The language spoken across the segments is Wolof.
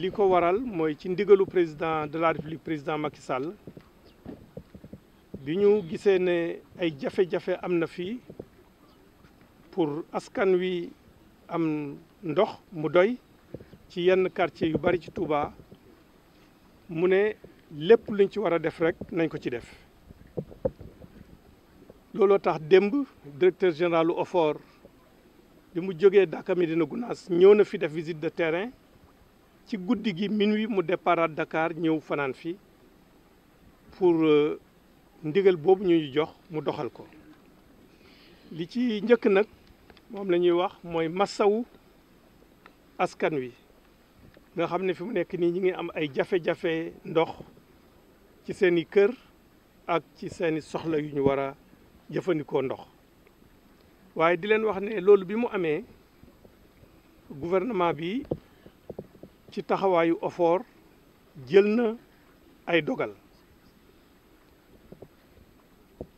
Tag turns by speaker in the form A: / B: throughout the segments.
A: li ko waral mooy ci ndigalu président de la république président Macky Sall bi ñu gisee ne ay jafe-jafe am na fii pour askan wi am ndox mu doy ci yenn quartier yu bari ci Touba mu ne lépp luñ ci war a def rek nañ ko ci def looloo tax démb directeur général u OFOR bi mu jógee Dakar Medina Gounass ñëw na fi def visite de terrain ci guddi gi minuit mu départ dakaar ñëw fanaan fi pour euh, ndigal boobu ñu ñu jox mu doxal ko li ci njëkk nag moom lañuy wax mooy massawu askan wi nga xam ne fi mu nekk nii ñu ngi am ay jafe-jafe ndox ci seeni kër ak ci seeni soxla yu ñu war a jëfandikoo ndox waaye di leen wax ne loolu bi mu amee gouvernement bi ci taxawaayu OFOR jël na ay dogal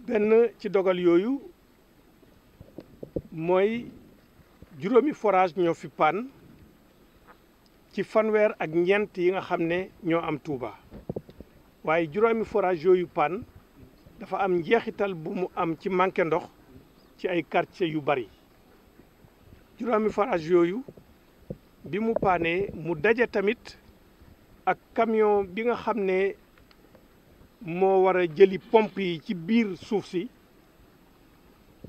A: benn ci dogal yooyu mooy juróomi forage ñoo fi paan ci fanweer ak ñeent yi nga xam ne ñoo am Touba waaye juróomi forage yooyu paan dafa am njeexital bu mu am ci manque ndox ci ay quartier yu bari juróomi forage yooyu bi mu paanee mu daje tamit ak kamiyon bi nga xam ne moo war a jëli pompe yi ci biir suuf si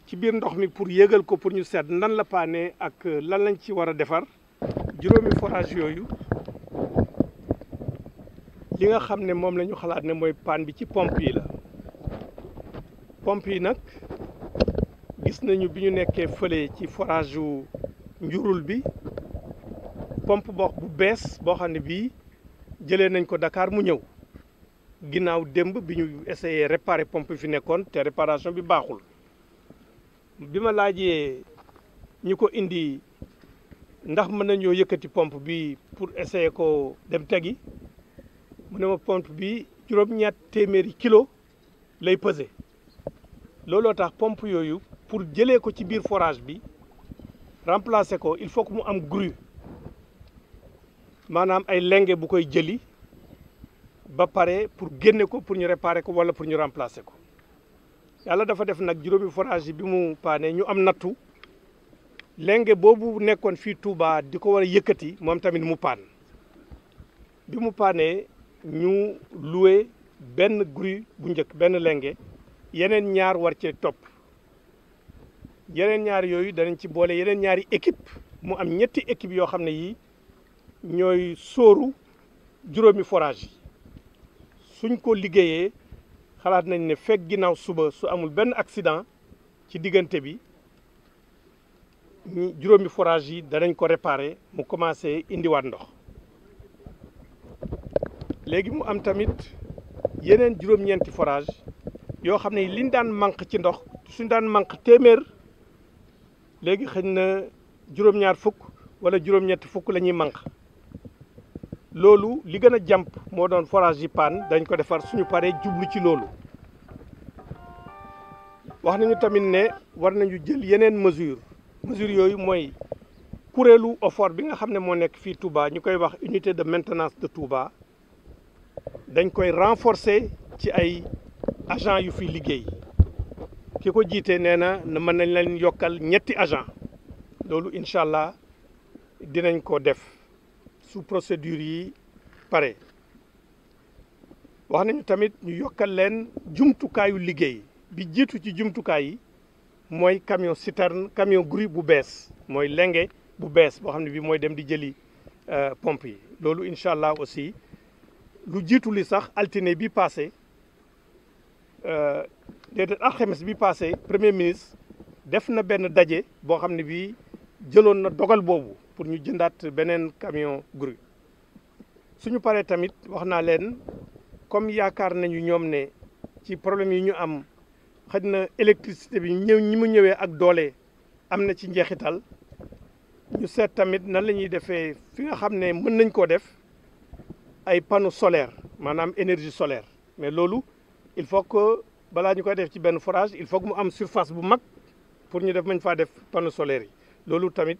A: ci biir ndox mi pour yëgal ko pour ñu seet nan la paanee ak lan lañ ci war a defar juróomi forage yooyu li nga xam ne moom lañu xalaat ne mooy paan bi ci pompe yi la pompe yi nag gis nañu bi ñu nekkee fële ci forage wu njurul bi pompe boo bu bees boo xam ne bii jëlee nañ ko dakaar mu ñëw ginnaaw démb bi ñu essayé réparer pompe bi fi nekkoon te réparation bi baaxul bi ma laajee ñu ko indi ndax mën nañoo yëkkati pompe bi pour essayer ko dem tegi mu ne ma pompe bi juróom-ñett téeméeri kilo lay pesé looloo tax pompe yooyu pour jëlee ko ci biir forage bi remplacer ko il faut que mu am grue maanaam ay lenge bu koy jëli ba pare pour génne ko pour ñu réparer ko wala pour ñu remplacer ko yàlla dafa def nag juróomi forage bi mu paane ñu am nattu lenge boobu nekkoon fii Touba di ko war a yëkkati moom tamit mu paan bi mu paanee ñu loué benn grue bu njëkk benn lenge yeneen ñaar war cee topp yeneen ñaar yooyu danañ ci boole yeneen ñaari équipe mu am ñetti équipe yoo xam ne yii ñooy sóoru juróomi forage suñ ko liggéeyee xalaat nañ ne fekk ginnaaw suba su amul benn accident ci diggante bi juróomi forage yi danañ ko réparer mu commencé indiwaat ndox léegi mu am tamit yeneen juróom-ñeenti forage yoo xam ne liñ daan manque ci ndox suñ daan manque téeméer léegi xëñ na juróom-ñaar fukk wala juróom-ñetti fukk lañuy ñuy manque lolu li gëna jamp mo doon forage yi panne dañ ko défar suñu paré djublu ci nous wax nañu tamit war nañu jël mesure mesure yoyu moy des OFOR bi nga Touba unité de maintenance de Touba dañ koy renforcer ci ay agent yu fi liggéey kiko jité néna na mën agent def su procédure yi pare wax nañu tamit ñu yokkal leen kayu liggéey bi jitu ci jumtu yi moy camion citerne camion gris bu bees moy lenge bu bees bo xamni bi moy dem di jëli euh, pompe yi lolu inshallah aussi lu jitu li sax altiné bi passé euh, déedéet alxames bi passé premier ministre def na ben dajé bo xamni bi jëloon na dogal bobu pour ñu jëndaat beneen camion grue suñu paree tamit wax naa leen comme yaakaar nañu ñoom ne ci problème yi ñu am xaj na électricité bi ñëw ñi mu ak doole am na ci njeexital ñu seet tamit nan la ñuy defee fi nga xam ne mën nañ koo def ay panneau solaire manam énergie solaire mais loolu il faut que balaa ñu def ci benn forage il faut que mu am surface bu mag pour ñu def mañ faa def panneau solaire yi loolu tamit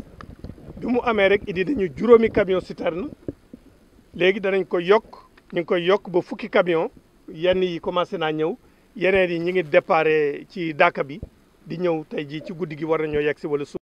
A: bi mu amee rek idi dañu juróomi camion citerne léegi danañ ko yokk ñu ngi koy yokk ba fukki camion yenn yi commencé naa ñëw yeneen yi ñu ngi déparé ci daaka bi di ñëw tey jii ci guddi gi war nañoo yegg si wala su